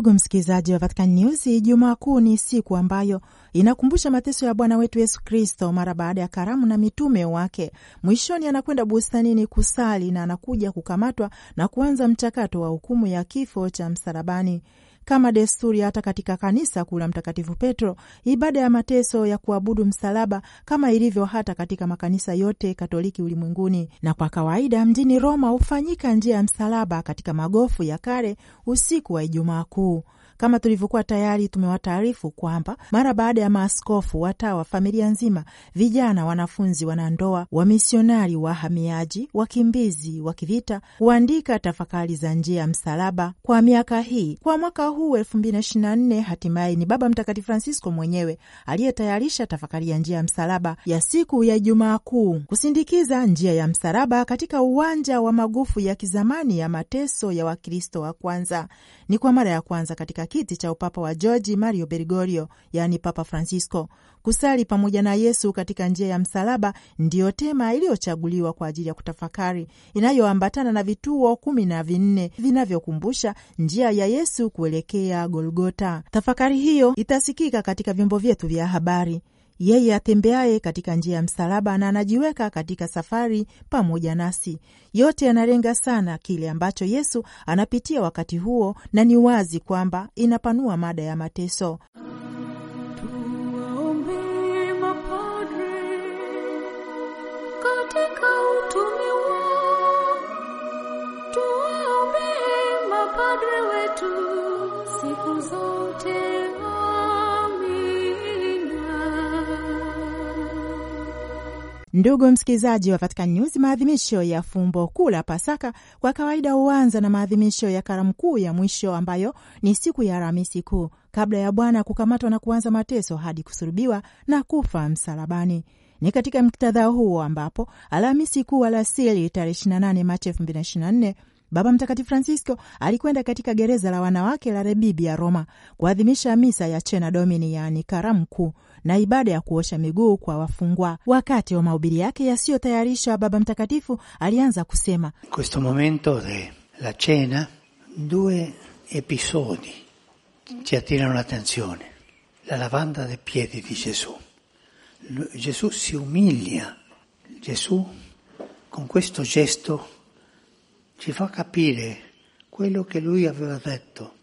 Ndugu msikilizaji wa Vatican News, Ijumaa Kuu ni siku ambayo inakumbusha mateso ya Bwana wetu Yesu Kristo mara baada ya karamu na mitume wake. Mwishoni anakwenda bustanini kusali na anakuja kukamatwa na kuanza mchakato wa hukumu ya kifo cha msalabani. Kama desturi, hata katika kanisa kuu la Mtakatifu Petro, ibada ya mateso ya kuabudu msalaba, kama ilivyo hata katika makanisa yote Katoliki ulimwenguni, na kwa kawaida mjini Roma hufanyika njia ya msalaba katika magofu ya kale usiku wa Ijumaa Kuu. Kama tulivyokuwa tayari tumewataarifu kwamba mara baada ya maaskofu, watawa, familia nzima, vijana, wanafunzi, wanandoa, wamisionari, wahamiaji, wakimbizi wa kivita kuandika tafakari za njia ya msalaba kwa miaka hii, kwa mwaka huu nne, hatimaye ni Baba Mtakatifu Francisco mwenyewe aliyetayarisha tafakari ya njia ya msalaba ya siku ya Ijumaa Kuu kusindikiza njia ya msalaba katika uwanja wa magofu ya kizamani ya mateso ya Wakristo wa kwanza. Ni kwa mara ya kwanza katika kiti cha upapa wa georgi Mario Bergoglio, yaani Papa Francisco. Kusali pamoja na Yesu katika njia ya msalaba ndiyo tema iliyochaguliwa kwa ajili ya kutafakari, inayoambatana na vituo kumi na vinne vinavyokumbusha njia ya Yesu kuelekea Golgota. Tafakari hiyo itasikika katika vyombo vyetu vya habari yeye atembeaye katika njia ya msalaba na anajiweka katika safari pamoja nasi. Yote yanalenga sana kile ambacho Yesu anapitia wakati huo, na ni wazi kwamba inapanua mada ya mateso. Ndugu msikilizaji wa Vatican News, maadhimisho ya fumbo kuu la Pasaka kwa kawaida huanza na maadhimisho ya karamu kuu ya mwisho ambayo ni siku ya Alhamisi Kuu, kabla ya Bwana kukamatwa na kuanza mateso hadi kusulubiwa na kufa msalabani. Ni katika muktadha huo ambapo Alhamisi Kuu alasiri tarehe 28 Machi 2024 Baba Mtakatifu Francisco alikwenda katika gereza la wanawake la Rebibi ya Roma kuadhimisha misa ya Chena Domini, yaani karamu kuu, na ibada ya kuosha miguu kwa wafungwa. Wakati wa mahubiri yake yasiyotayarishwa, Baba Mtakatifu alianza kusema, questo momento della cena due episodi ci attirano l'attenzione la lavanda dei piedi di Gesù. Gesù si umilia, Gesù con questo gesto ci fa capire quello che lui aveva detto.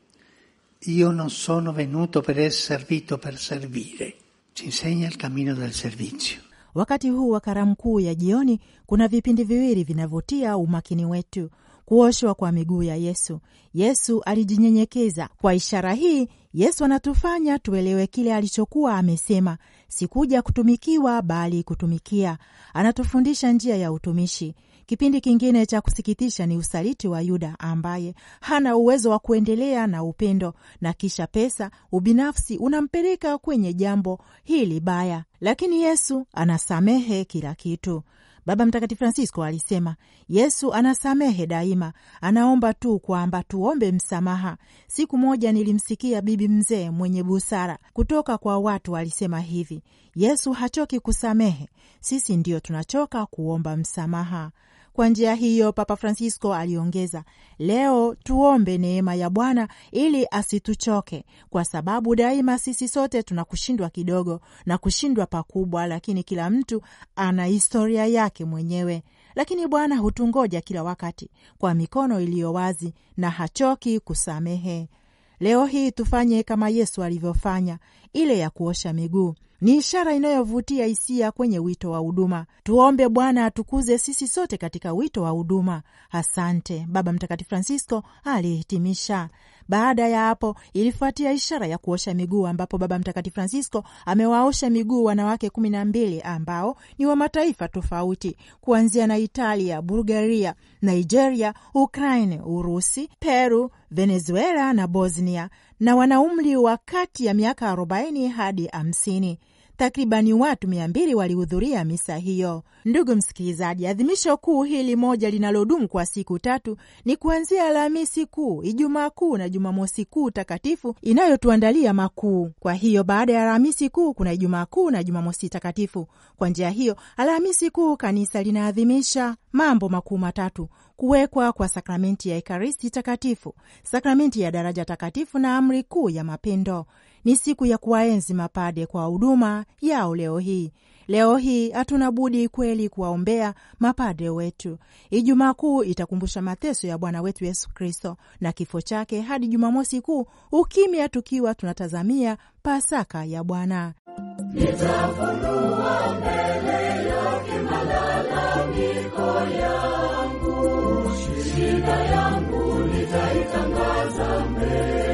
Io non sono venuto per essere servito, per servire, Enseña el camino del servicio. Wakati huu wa karamu kuu ya jioni kuna vipindi viwili vinavyotia umakini wetu: kuoshwa kwa miguu ya Yesu. Yesu alijinyenyekeza. Kwa ishara hii, Yesu anatufanya tuelewe kile alichokuwa amesema, sikuja kutumikiwa bali kutumikia. Anatufundisha njia ya utumishi. Kipindi kingine cha kusikitisha ni usaliti wa Yuda ambaye hana uwezo wa kuendelea na upendo, na kisha pesa, ubinafsi unampeleka kwenye jambo hili baya, lakini Yesu anasamehe kila kitu. Baba Mtakatifu Francisco alisema Yesu anasamehe daima, anaomba tu kwamba tuombe msamaha. Siku moja nilimsikia bibi mzee mwenye busara kutoka kwa watu alisema hivi, Yesu hachoki kusamehe, sisi ndio tunachoka kuomba msamaha. Kwa njia hiyo, Papa Francisco aliongeza, leo tuombe neema ya Bwana ili asituchoke, kwa sababu daima sisi sote tuna kushindwa kidogo na kushindwa pakubwa, lakini kila mtu ana historia yake mwenyewe lakini Bwana hutungoja kila wakati kwa mikono iliyo wazi na hachoki kusamehe. Leo hii tufanye kama Yesu alivyofanya, ile ya kuosha miguu ni ishara inayovutia hisia kwenye wito wa huduma. Tuombe Bwana atukuze sisi sote katika wito wa huduma. Asante Baba Mtakatifu Francisco alihitimisha. Baada ya hapo ilifuatia ishara ya kuosha miguu ambapo Baba Mtakatifu Francisco amewaosha miguu wanawake kumi na mbili ambao ni wa mataifa tofauti kuanzia na Italia, Bulgaria, Nigeria, Ukraine, Urusi, Peru, Venezuela na Bosnia na wana umri wa kati ya miaka arobaini hadi hamsini takribani watu mia mbili walihudhuria misa hiyo. Ndugu msikilizaji, adhimisho kuu hili moja linalodumu kwa siku tatu ni kuanzia Alhamisi Kuu, Ijumaa Kuu na Jumamosi Kuu takatifu inayotuandalia makuu. Kwa hiyo baada ya Alhamisi Kuu kuna Ijumaa Kuu na Jumamosi takatifu. Kwa njia hiyo, Alhamisi Kuu kanisa linaadhimisha mambo makuu matatu: kuwekwa kwa sakramenti ya Ekaristi Takatifu, sakramenti ya daraja takatifu na amri kuu ya mapendo. Ni siku ya kuwaenzi mapade kwa huduma yao leo hii. Leo hii hatuna budi kweli kuwaombea mapade wetu. Ijumaa Kuu itakumbusha mateso ya Bwana wetu Yesu Kristo na kifo chake, hadi Jumamosi Kuu ukimya, tukiwa tunatazamia Pasaka ya Bwana. Nitafunua mbele yake malalamiko ya Sifa yangu nitaitangaza mbele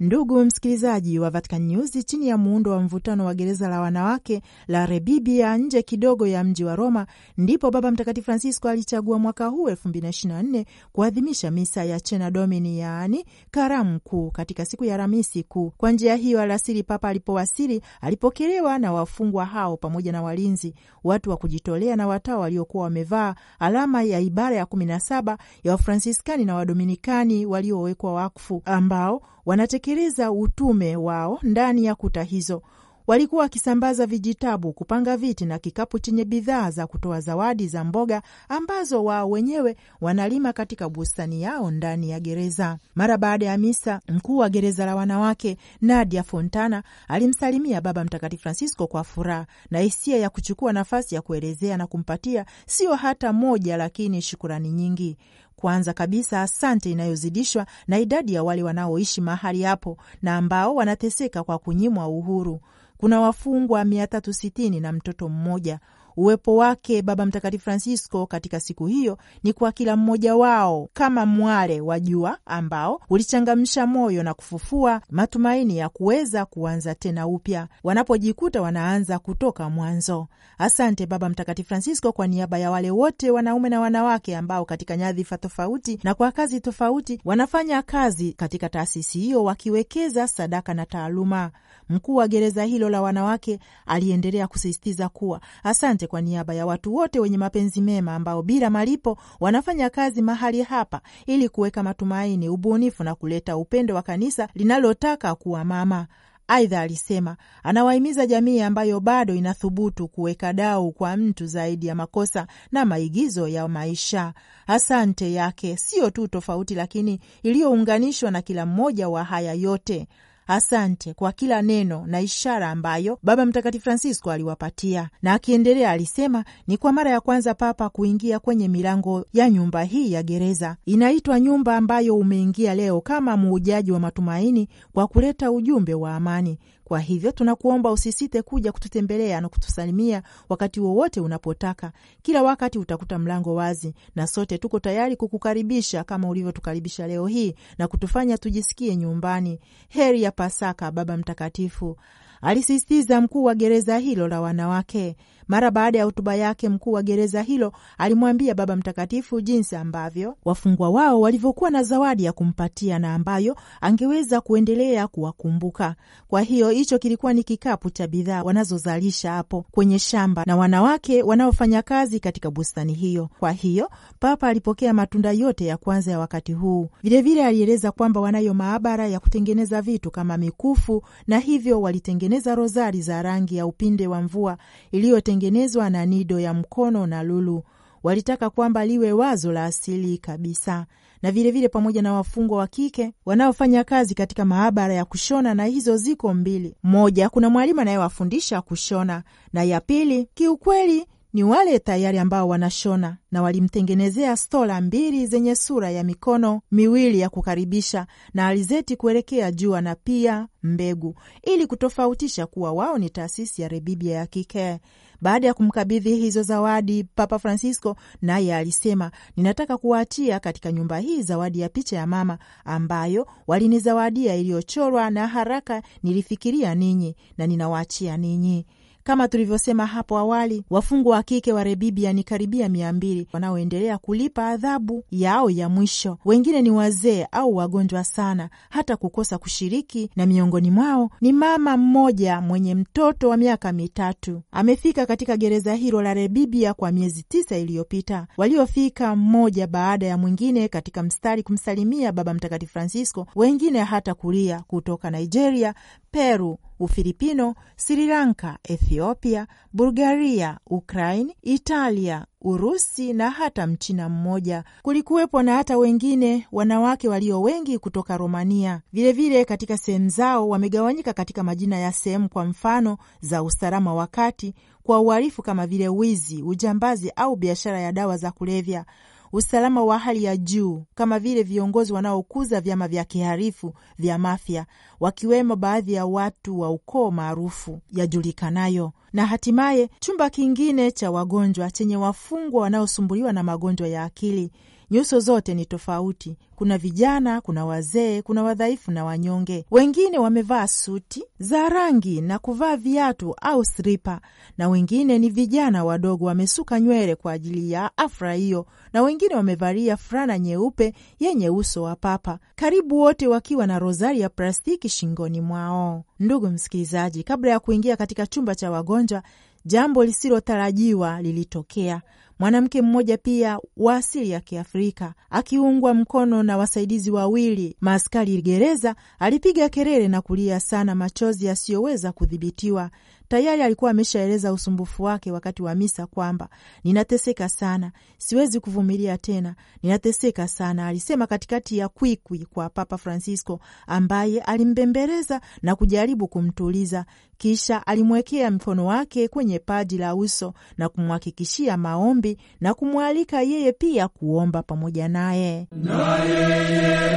Ndugu msikilizaji wa Vatican News, chini ya muundo wa mvutano wa gereza la wanawake la rebibia nje kidogo ya mji wa Roma, ndipo Baba Mtakatifu Francisco alichagua mwaka huu 2024 kuadhimisha misa ya Chena Domini, yaani karamu kuu, katika siku ya Alhamisi Kuu. Kwa njia hiyo, alasiri Papa alipowasili alipokelewa na wafungwa hao pamoja na walinzi, watu wa kujitolea na watawa waliokuwa wamevaa alama ya ibara ya 17 ya Wafransiskani na Wadominikani waliowekwa wakfu ambao wanatekeleza utume wao ndani ya kuta hizo. Walikuwa wakisambaza vijitabu, kupanga viti na kikapu chenye bidhaa za kutoa zawadi za mboga ambazo wao wenyewe wanalima katika bustani yao ndani ya gereza. Mara baada ya misa, mkuu wa gereza la wanawake Nadia Fontana alimsalimia Baba Mtakatifu Francisco kwa furaha na hisia ya kuchukua nafasi ya kuelezea na kumpatia sio hata moja, lakini shukurani nyingi. Kwanza kabisa, asante inayozidishwa na idadi ya wale wanaoishi mahali hapo na ambao wanateseka kwa kunyimwa uhuru. Kuna wafungwa mia tatu na mtoto mmoja Uwepo wake Baba Mtakatifu Francisco katika siku hiyo ni kwa kila mmoja wao kama mwale wa jua ambao ulichangamsha moyo na kufufua matumaini ya kuweza kuanza tena upya wanapojikuta wanaanza kutoka mwanzo. Asante Baba Mtakatifu Francisco kwa niaba ya wale wote wanaume na wanawake ambao katika nyadhifa tofauti na kwa kazi tofauti wanafanya kazi katika taasisi hiyo wakiwekeza sadaka na taaluma. Mkuu wa gereza hilo la wanawake aliendelea kusisitiza kuwa asante kwa niaba ya watu wote wenye mapenzi mema ambao bila malipo wanafanya kazi mahali hapa ili kuweka matumaini, ubunifu na kuleta upendo wa kanisa linalotaka kuwa mama. Aidha, alisema anawahimiza jamii ambayo bado inathubutu kuweka dau kwa mtu zaidi ya makosa na maigizo ya maisha. Asante yake siyo tu tofauti, lakini iliyounganishwa na kila mmoja wa haya yote. Asante kwa kila neno na ishara ambayo Baba Mtakatifu Francisco aliwapatia. Na akiendelea alisema, ni kwa mara ya kwanza Papa kuingia kwenye milango ya nyumba hii ya gereza. Inaitwa nyumba ambayo umeingia leo kama muujaji wa matumaini kwa kuleta ujumbe wa amani kwa hivyo tunakuomba usisite kuja kututembelea na kutusalimia wakati wowote unapotaka. Kila wakati utakuta mlango wazi, na sote tuko tayari kukukaribisha kama ulivyotukaribisha leo hii na kutufanya tujisikie nyumbani. Heri ya Pasaka, Baba Mtakatifu, alisisitiza mkuu wa gereza hilo la wanawake. Mara baada ya hotuba yake, mkuu wa gereza hilo alimwambia Baba Mtakatifu jinsi ambavyo wafungwa wao walivyokuwa na zawadi ya kumpatia na ambayo angeweza kuendelea kuwakumbuka. Kwa hiyo hicho kilikuwa ni kikapu cha bidhaa wanazozalisha hapo kwenye shamba na wanawake wanaofanya kazi katika bustani hiyo. Kwa hiyo Papa alipokea matunda yote ya kwanza ya wakati huu. Vilevile alieleza kwamba wanayo maabara ya kutengeneza vitu kama mikufu, na hivyo walitengeneza rozari za rangi ya upinde wa mvua iliyo lililotengenezwa na nido ya mkono na lulu. Walitaka kwamba liwe wazo la asili kabisa, na vilevile vile pamoja na wafungwa wa kike wanaofanya kazi katika maabara ya kushona, na hizo ziko mbili. Moja, kuna mwalimu anayewafundisha kushona, na ya pili kiukweli ni wale tayari ambao wanashona na walimtengenezea stola mbili zenye sura ya mikono miwili ya kukaribisha na alizeti kuelekea jua na pia mbegu, ili kutofautisha kuwa wao ni taasisi ya rebibia ya kike. Baada ya kumkabidhi hizo zawadi, Papa Francisco naye alisema, ninataka kuwaachia katika nyumba hii zawadi ya picha ya mama ambayo walinizawadia iliyochorwa na haraka nilifikiria ninyi na ninawaachia ninyi kama tulivyosema hapo awali, wafungwa wa kike wa Rebibia ni karibia mia mbili wanaoendelea kulipa adhabu yao ya mwisho. Wengine ni wazee au wagonjwa sana hata kukosa kushiriki, na miongoni mwao ni mama mmoja mwenye mtoto wa miaka mitatu. Amefika katika gereza hilo la Rebibia kwa miezi tisa iliyopita. Waliofika mmoja baada ya mwingine katika mstari kumsalimia Baba Mtakatifu Francisco, wengine hata kulia kutoka Nigeria, Peru, Ufilipino, Sri Lanka, Ethiopia, Bulgaria, Ukraine, Italia, Urusi na hata Mchina mmoja. Kulikuwepo na hata wengine wanawake walio wengi kutoka Romania. Vilevile vile katika sehemu zao wamegawanyika katika majina ya sehemu, kwa mfano za usalama wakati kwa uhalifu kama vile wizi, ujambazi au biashara ya dawa za kulevya usalama wa hali ya juu, kama vile viongozi wanaokuza vyama vya kiharifu vya Mafia, wakiwemo baadhi ya watu wa ukoo maarufu yajulikanayo, na hatimaye chumba kingine cha wagonjwa chenye wafungwa wanaosumbuliwa na magonjwa ya akili Nyuso zote ni tofauti, kuna vijana, kuna wazee, kuna wadhaifu na wanyonge. Wengine wamevaa suti za rangi na kuvaa viatu au slipa, na wengine ni vijana wadogo wamesuka nywele kwa ajili ya afra hiyo, na wengine wamevalia fulana nyeupe yenye uso wa papa, karibu wote wakiwa na rozari ya plastiki shingoni mwao. Ndugu msikilizaji, kabla ya kuingia katika chumba cha wagonjwa, jambo lisilotarajiwa lilitokea mwanamke mmoja pia wa asili ya Kiafrika akiungwa mkono na wasaidizi wawili maaskari gereza, alipiga kelele na kulia sana machozi yasiyoweza kudhibitiwa Tayari alikuwa ameshaeleza usumbufu wake wakati wa misa kwamba ninateseka sana, siwezi kuvumilia tena, ninateseka sana, alisema katikati ya kwikwi kwa Papa Francisco ambaye alimbembeleza na kujaribu kumtuliza, kisha alimwekea mkono wake kwenye paji la uso na kumhakikishia maombi na kumwalika yeye pia kuomba pamoja naye na yeye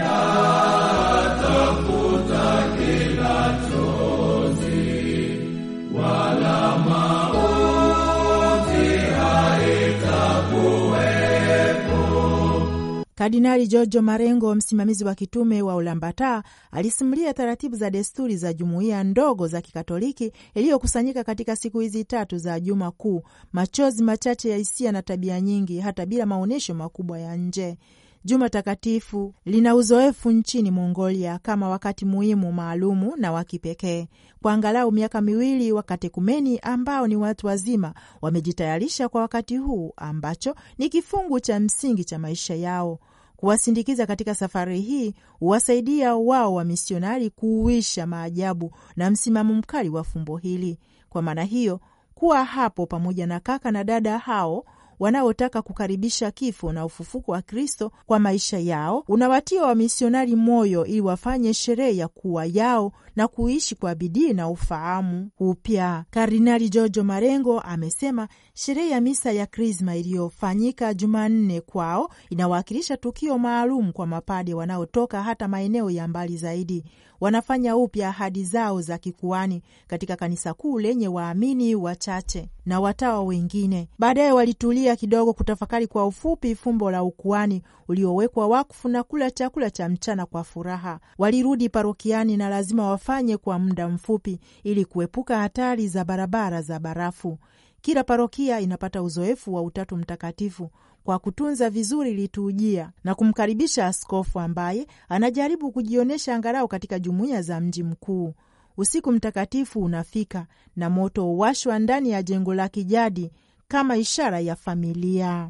Kardinali Giorgio Marengo, msimamizi wa kitume wa Ulambata, alisimulia taratibu za desturi za jumuiya ndogo za Kikatoliki iliyokusanyika katika siku hizi tatu za Juma Kuu, machozi machache ya hisia na tabia nyingi, hata bila maonyesho makubwa ya nje. Juma Takatifu lina uzoefu nchini Mongolia kama wakati muhimu maalumu na wa kipekee. Kwa angalau miaka miwili, wakatekumeni ambao ni watu wazima wamejitayarisha kwa wakati huu ambacho ni kifungu cha msingi cha maisha yao. Kuwasindikiza katika safari hii huwasaidia wao wamisionari kuuisha maajabu na msimamo mkali wa fumbo hili. Kwa maana hiyo, kuwa hapo pamoja na kaka na dada hao wanaotaka kukaribisha kifo na ufufuko wa Kristo kwa maisha yao unawatia wamisionari moyo ili wafanye sherehe ya kuwa yao na kuishi kwa bidii na ufahamu upya. Kardinali Giorgio Marengo amesema Sherehe ya misa ya Krisma iliyofanyika Jumanne kwao inawakilisha tukio maalum kwa mapade wanaotoka hata maeneo ya mbali zaidi. Wanafanya upya ahadi zao za kikuani katika kanisa kuu lenye waamini wachache na watawa wengine. Baadaye walitulia kidogo kutafakari kwa ufupi fumbo la ukuani uliowekwa wakfu na kula chakula cha mchana kwa furaha. Walirudi parokiani na lazima wafanye kwa muda mfupi ili kuepuka hatari za barabara za barafu. Kila parokia inapata uzoefu wa Utatu Mtakatifu kwa kutunza vizuri liturujia na kumkaribisha askofu ambaye anajaribu kujionyesha angalau katika jumuiya za mji mkuu. Usiku mtakatifu unafika na moto uwashwa ndani ya jengo la kijadi kama ishara ya familia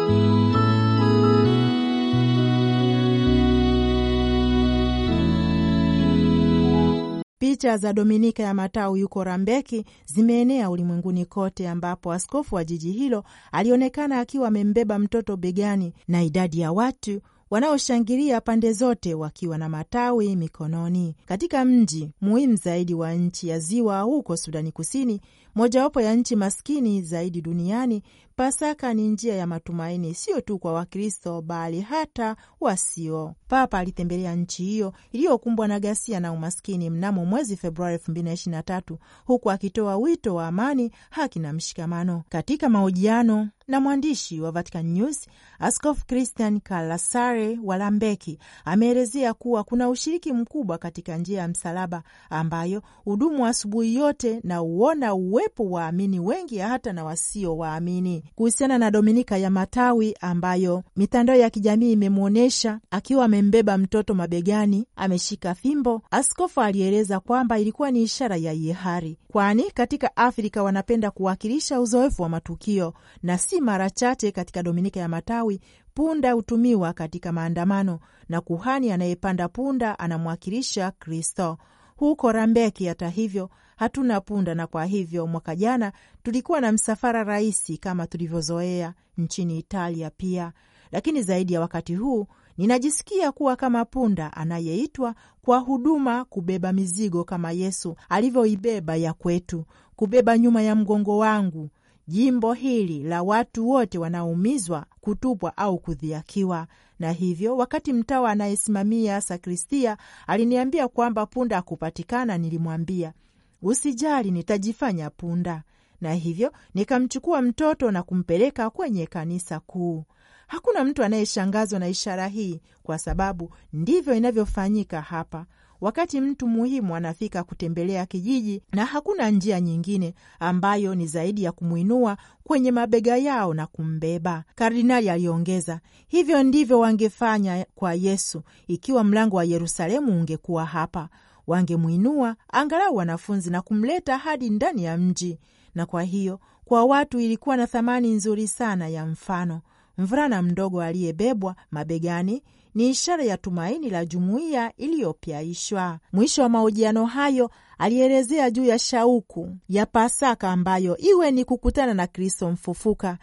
Picha za Dominika ya Matau yuko Rambeki zimeenea ulimwenguni kote, ambapo askofu wa jiji hilo alionekana akiwa amembeba mtoto begani na idadi ya watu wanaoshangilia pande zote wakiwa na matawi mikononi katika mji muhimu zaidi wa nchi ya ziwa huko Sudani Kusini mojawapo ya nchi maskini zaidi duniani, Pasaka ni njia ya matumaini sio tu kwa Wakristo bali hata wasio. Papa alitembelea nchi hiyo iliyokumbwa na ghasia na umaskini mnamo mwezi Februari 2023 huku akitoa wito wa amani, haki na mshikamano. Katika mahojiano na mwandishi wa Vatican News, Askofu Christian Kalasare Walambeki ameelezea kuwa kuna ushiriki mkubwa katika njia ya msalaba ambayo hudumu asubuhi yote na huona uwe kuwepo waamini wengi hata na wasio waamini. Kuhusiana na Dominika ya Matawi ambayo mitandao ya kijamii imemwonyesha akiwa amembeba mtoto mabegani ameshika fimbo, askofu alieleza kwamba ilikuwa ni ishara ya ihari, kwani katika Afrika wanapenda kuwakilisha uzoefu wa matukio na si mara chache katika Dominika ya Matawi punda hutumiwa katika maandamano na kuhani anayepanda punda anamwakilisha Kristo. Huko Rambeki, hata hivyo, hatuna punda, na kwa hivyo mwaka jana tulikuwa na msafara rahisi kama tulivyozoea nchini Italia pia, lakini zaidi ya wakati huu ninajisikia kuwa kama punda anayeitwa kwa huduma, kubeba mizigo kama Yesu alivyoibeba ya kwetu, kubeba nyuma ya mgongo wangu jimbo hili la watu wote wanaoumizwa, kutupwa au kudhiakiwa. Na hivyo wakati mtawa anayesimamia sakristia aliniambia kwamba punda akupatikana nilimwambia usijali, nitajifanya punda. Na hivyo nikamchukua mtoto na kumpeleka kwenye kanisa kuu. Hakuna mtu anayeshangazwa na ishara hii, kwa sababu ndivyo inavyofanyika hapa. Wakati mtu muhimu anafika kutembelea kijiji, na hakuna njia nyingine ambayo ni zaidi ya kumwinua kwenye mabega yao na kumbeba, kardinali aliongeza. Hivyo ndivyo wangefanya kwa Yesu ikiwa mlango wa Yerusalemu ungekuwa hapa wangemwinua angalau wanafunzi na kumleta hadi ndani ya mji, na kwa hiyo kwa watu ilikuwa na thamani nzuri sana ya mfano. Mvulana mdogo aliyebebwa mabegani ni ishara ya tumaini la jumuiya iliyopyaishwa. Mwisho wa mahojiano hayo alielezea juu ya shauku ya Pasaka ambayo iwe ni kukutana na Kristo mfufuka.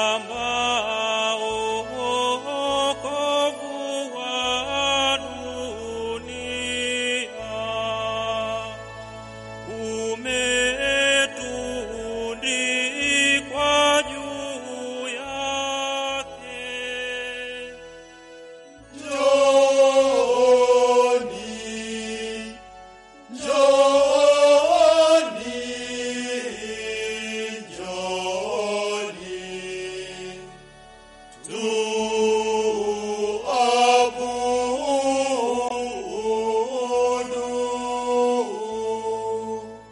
Amen.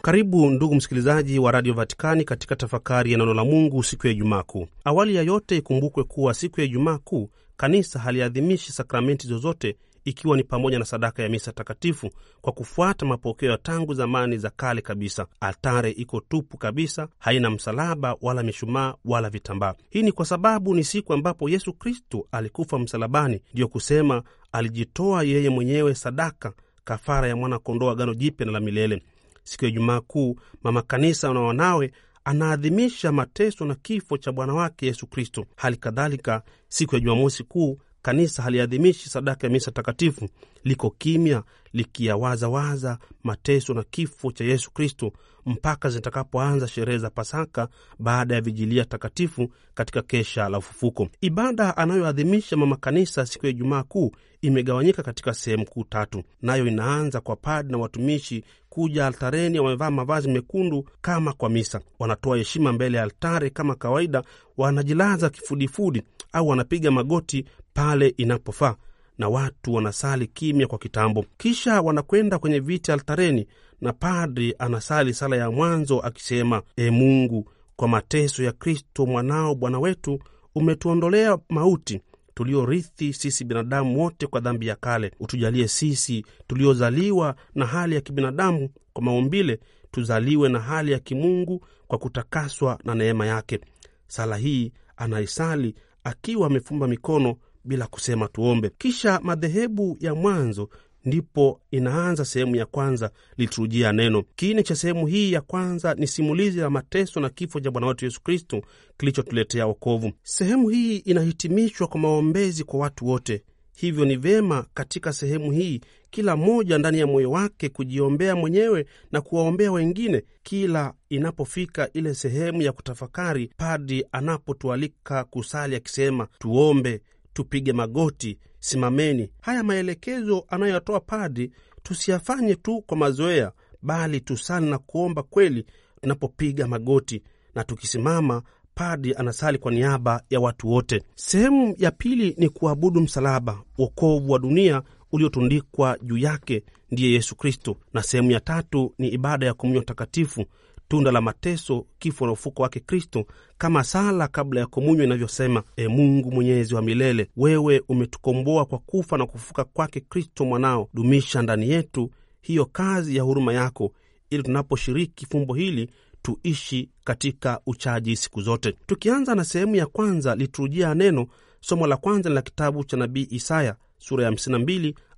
Karibu ndugu msikilizaji wa Radio Vatikani katika tafakari ya neno la Mungu siku ya Ijumaa Kuu. Awali ya yote, ikumbukwe kuwa siku ya Ijumaa Kuu kanisa haliadhimishi sakramenti zozote, ikiwa ni pamoja na sadaka ya misa takatifu, kwa kufuata mapokeo ya tangu zamani za kale kabisa. Altare iko tupu kabisa, haina msalaba wala mishumaa wala vitambaa. Hii ni kwa sababu ni siku ambapo Yesu Kristo alikufa msalabani, ndiyo kusema alijitoa yeye mwenyewe sadaka, kafara ya mwana kondoo, agano jipya na la milele siku ya Jumaa Kuu, mama kanisa na wanawe anaadhimisha mateso na kifo cha Bwana wake Yesu Kristo. Hali kadhalika siku ya Jumamosi Kuu Kanisa haliadhimishi sadaka ya misa takatifu, liko kimya likiyawazawaza mateso na kifo cha Yesu Kristo mpaka zitakapoanza sherehe za Pasaka baada ya vijilia takatifu katika kesha la ufufuko. Ibada anayoadhimisha mama kanisa siku ya Ijumaa Kuu imegawanyika katika sehemu kuu tatu, nayo inaanza kwa padri na watumishi kuja altareni wamevaa mavazi mekundu kama kwa misa. Wanatoa heshima mbele ya altari kama kawaida, wanajilaza kifudifudi au wanapiga magoti pale inapofaa na watu wanasali kimya kwa kitambo, kisha wanakwenda kwenye viti altareni, na padri anasali sala ya mwanzo akisema: E Mungu, kwa mateso ya Kristo mwanao Bwana wetu umetuondolea mauti tuliorithi sisi binadamu wote kwa dhambi ya kale. Utujalie sisi tuliozaliwa na hali ya kibinadamu kwa maumbile, tuzaliwe na hali ya kimungu kwa kutakaswa na neema yake. Sala hii anaisali akiwa amefumba mikono bila kusema tuombe. Kisha madhehebu ya mwanzo ndipo inaanza sehemu ya kwanza, liturujia neno. Kiini cha sehemu hii ya kwanza ni simulizi la mateso na kifo cha Bwana wetu Yesu Kristo kilichotuletea wokovu. Sehemu hii inahitimishwa kwa maombezi kwa watu wote. Hivyo ni vyema katika sehemu hii kila mmoja ndani ya moyo wake kujiombea mwenyewe na kuwaombea wengine. Kila inapofika ile sehemu ya kutafakari, padi anapotualika kusali akisema tuombe tupige magoti, simameni. Haya maelekezo anayoyatoa padri tusiyafanye tu kwa mazoea, bali tusali na kuomba kweli tunapopiga magoti, na tukisimama Padri anasali kwa niaba ya watu wote. Sehemu ya pili ni kuabudu msalaba, wokovu wa dunia uliotundikwa juu yake ndiye Yesu Kristo, na sehemu ya tatu ni ibada ya komunyo takatifu tunda la mateso, kifo na ufuko wake Kristo, kama sala kabla ya komunywa inavyosema: E Mungu mwenyezi wa milele, wewe umetukomboa kwa kufa na kufufuka kwake Kristo mwanao, dumisha ndani yetu hiyo kazi ya huruma yako, ili tunaposhiriki fumbo hili tuishi katika uchaji siku zote. Tukianza na sehemu ya kwanza liturujia ya neno, somo la kwanza ni la kitabu cha nabii Isaya sura ya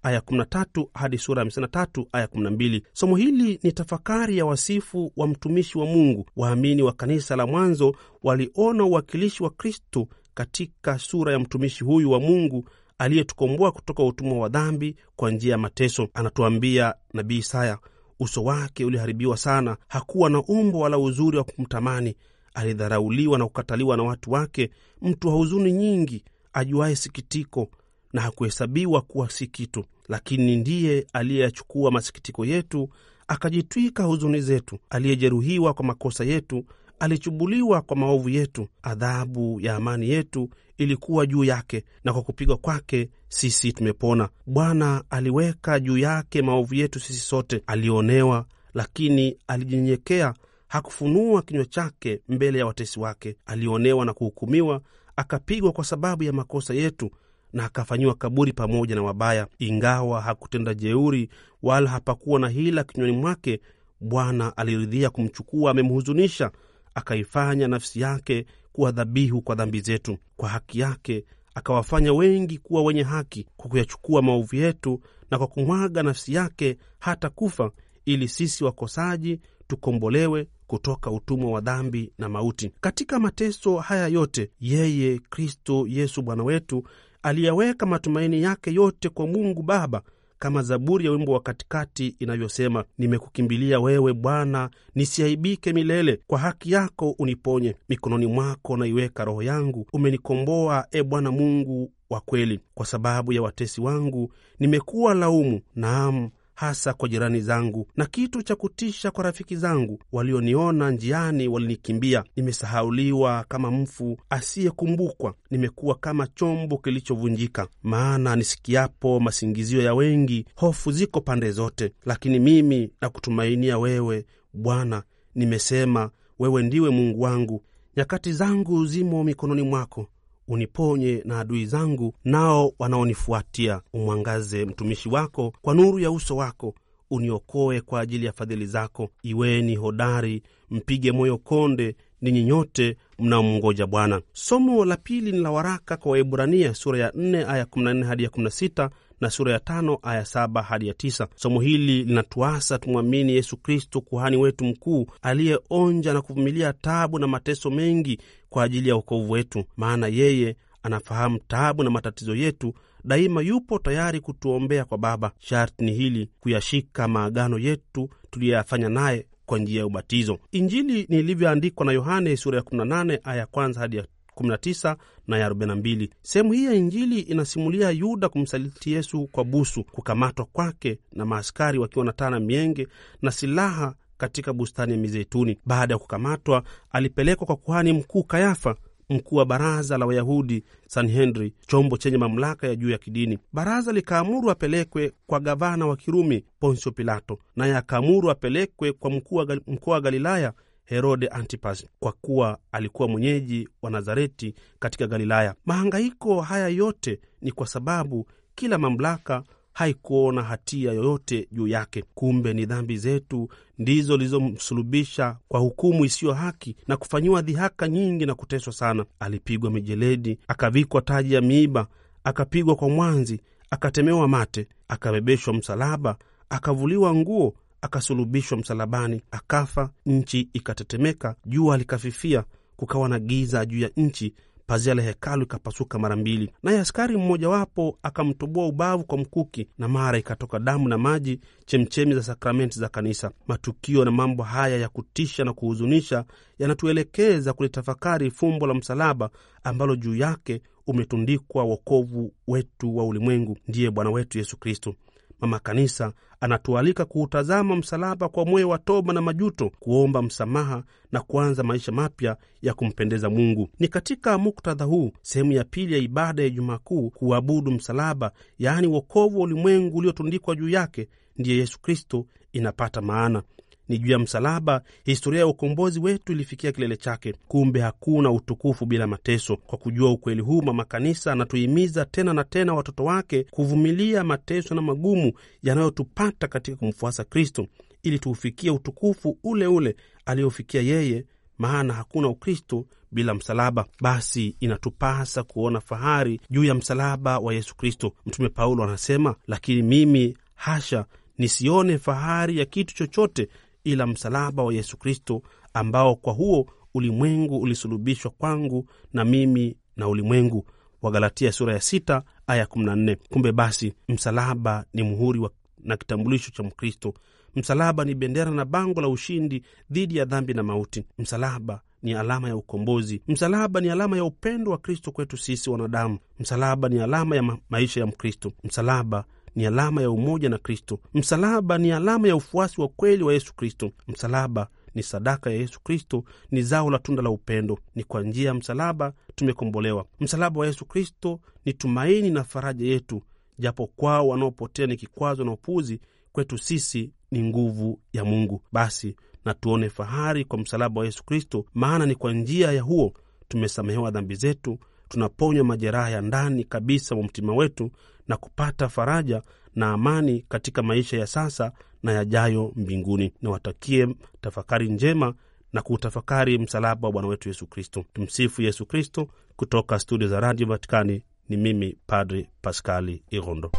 aya 13 hadi sura ya 53 aya 12. Somo hili ni tafakari ya wasifu wa mtumishi wa Mungu. Waamini wa kanisa la mwanzo waliona uwakilishi wa Kristo katika sura ya mtumishi huyu wa Mungu aliyetukomboa kutoka utumwa wa dhambi kwa njia ya mateso. Anatuambia nabii Isaya, uso wake uliharibiwa sana, hakuwa na umbo wala uzuri wa kumtamani, alidharauliwa na kukataliwa na watu wake, mtu wa huzuni nyingi, ajuaye sikitiko na hakuhesabiwa kuwa si kitu, lakini ndiye aliyeyachukua masikitiko yetu, akajitwika huzuni zetu, aliyejeruhiwa kwa makosa yetu, alichubuliwa kwa maovu yetu. Adhabu ya amani yetu ilikuwa juu yake, na kwa kupigwa kwake sisi tumepona. Bwana aliweka juu yake maovu yetu sisi sote. Alionewa, lakini alijinyenyekea, hakufunua kinywa chake mbele ya watesi wake. Alionewa na kuhukumiwa, akapigwa kwa sababu ya makosa yetu na akafanyiwa kaburi pamoja na wabaya. Ingawa hakutenda jeuri wala hapakuwa na hila kinywani mwake, Bwana aliridhia kumchukua amemhuzunisha, akaifanya nafsi yake kuwa dhabihu kwa dhambi zetu. Kwa haki yake akawafanya wengi kuwa wenye haki kwa kuyachukua maovu yetu, na kwa kumwaga nafsi yake hata kufa, ili sisi wakosaji tukombolewe kutoka utumwa wa dhambi na mauti. Katika mateso haya yote, yeye Kristo Yesu Bwana wetu aliyaweka matumaini yake yote kwa Mungu Baba, kama Zaburi ya wimbo wa katikati inavyosema: nimekukimbilia wewe Bwana, nisiaibike milele, kwa haki yako uniponye. Mikononi mwako naiweka roho yangu, umenikomboa, e Bwana Mungu wa kweli. Kwa sababu ya watesi wangu nimekuwa laumu, naam hasa kwa jirani zangu, na kitu cha kutisha kwa rafiki zangu walioniona njiani walinikimbia. Nimesahauliwa kama mfu asiyekumbukwa, nimekuwa kama chombo kilichovunjika. Maana nisikiapo masingizio ya wengi, hofu ziko pande zote, lakini mimi nakutumainia wewe Bwana. Nimesema, wewe ndiwe Mungu wangu, nyakati zangu zimo mikononi mwako uniponye na adui zangu nao wanaonifuatia. Umwangaze mtumishi wako kwa nuru ya uso wako, uniokoe kwa ajili ya fadhili zako. Iweni hodari, mpige moyo konde ninyi nyote mnaomngoja Bwana. Somo la pili ni la waraka kwa Waebrania sura ya 4 aya 14 hadi ya 16 na sura ya tano aya saba hadi ya tisa. Somo hili linatuasa tumwamini Yesu Kristo, kuhani wetu mkuu, aliyeonja na kuvumilia tabu na mateso mengi kwa ajili ya wokovu wetu, maana yeye anafahamu tabu na matatizo yetu daima yupo tayari kutuombea kwa Baba. Sharti ni hili, kuyashika maagano yetu tuliyoyafanya naye kwa njia ya ubatizo. Injili nilivyoandikwa na Yohane sura ya 18 aya ya kwanza hadi ya 19 na ya 42. Sehemu hii ya Injili inasimulia Yuda kumsaliti Yesu kwa busu, kukamatwa kwake na maaskari wakiwa na taa na mienge na silaha katika bustani ya Mizeituni. Baada ya kukamatwa, alipelekwa kwa kuhani mkuu Kayafa, mkuu wa baraza la Wayahudi Sanhedrin, chombo chenye mamlaka ya juu ya kidini. Baraza likaamuru apelekwe kwa gavana wa Kirumi Ponsio Pilato, naye akaamuru apelekwe kwa mkuu wa mkoa wa Galilaya Herode Antipas, kwa kuwa alikuwa mwenyeji wa Nazareti katika Galilaya. Mahangaiko haya yote ni kwa sababu kila mamlaka haikuona hatia yoyote juu yake. Kumbe ni dhambi zetu ndizo zilizomsulubisha kwa hukumu isiyo haki na kufanyiwa dhihaka nyingi na kuteswa sana. Alipigwa mijeledi, akavikwa taji ya miiba, akapigwa kwa mwanzi, akatemewa mate, akabebeshwa msalaba, akavuliwa nguo, akasulubishwa msalabani, akafa, nchi ikatetemeka, jua likafifia, kukawa na giza juu ya nchi, pazia la hekalu ikapasuka mara mbili, naye askari mmojawapo akamtoboa ubavu kwa mkuki, na mara ikatoka damu na maji, chemchemi za sakramenti za kanisa. Matukio na mambo haya ya kutisha na kuhuzunisha yanatuelekeza kulitafakari fumbo la msalaba ambalo juu yake umetundikwa wokovu wetu wa ulimwengu, ndiye Bwana wetu Yesu Kristo. Mama Kanisa anatualika kuutazama msalaba kwa moyo wa toba na majuto, kuomba msamaha na kuanza maisha mapya ya kumpendeza Mungu. Ni katika muktadha huu sehemu ya pili ya ibada ya Ijumaa Kuu, kuuabudu msalaba, yaani wokovu wa ulimwengu uliotundikwa juu yake, ndiye Yesu Kristo, inapata maana ni juu ya msalaba. Historia ya ukombozi wetu ilifikia kilele chake. Kumbe hakuna utukufu bila mateso. Kwa kujua ukweli huu, mama kanisa anatuhimiza tena na tena watoto wake kuvumilia mateso na magumu yanayotupata katika kumfuasa Kristo ili tuufikie utukufu ule ule aliofikia yeye, maana hakuna Ukristo bila msalaba. Basi inatupasa kuona fahari juu ya msalaba wa Yesu Kristo. Mtume Paulo anasema, lakini mimi hasha, nisione fahari ya kitu chochote ila msalaba wa Yesu Kristo, ambao kwa huo ulimwengu ulisulubishwa kwangu na mimi na ulimwengu. Wagalatia sura ya sita aya kumi na nne. Kumbe basi msalaba ni muhuri wa na kitambulisho cha Mkristo. Msalaba ni bendera na bango la ushindi dhidi ya dhambi na mauti. Msalaba ni alama ya ukombozi. Msalaba ni alama ya upendo wa Kristo kwetu sisi wanadamu. Msalaba ni alama ya ma maisha ya Mkristo. Msalaba ni alama ya umoja na Kristo. Msalaba ni alama ya ufuasi wa kweli wa Yesu Kristo. Msalaba ni sadaka ya Yesu Kristo, ni zao la tunda la upendo. Ni kwa njia ya msalaba tumekombolewa. Msalaba wa Yesu Kristo ni tumaini na faraja yetu, japo kwao wanaopotea ni kikwazo na upuzi, kwetu sisi ni nguvu ya Mungu. Basi na tuone fahari kwa msalaba wa Yesu Kristo, maana ni kwa njia ya huo tumesamehewa dhambi zetu, tunaponywa majeraha ya ndani kabisa mwa mtima wetu na kupata faraja na amani katika maisha ya sasa na yajayo mbinguni. Niwatakie tafakari njema na kuutafakari msalaba wa Bwana wetu Yesu Kristo. Tumsifu Yesu Kristo. Kutoka studio za Radio Vatikani ni mimi Padri Paskali Irondo.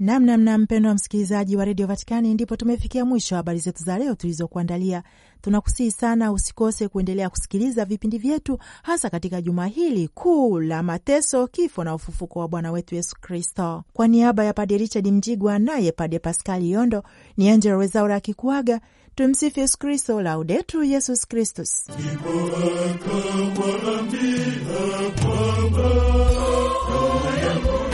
Namnamna mpendo wa msikilizaji wa redio Vatikani, ndipo tumefikia mwisho wa habari zetu za leo tulizokuandalia. Tunakusihi sana usikose kuendelea kusikiliza vipindi vyetu, hasa katika juma hili kuu la mateso, kifo na ufufuko wa Bwana wetu Yesu Kristo. Kwa niaba ya Pade Richard Mjigwa naye Pade Paskali Yondo, ni Angela Rezaura akikuaga. Tumsifu Yesu Kristo, Laudetur Yesus Kristus. Ndipo akawaambia kwamba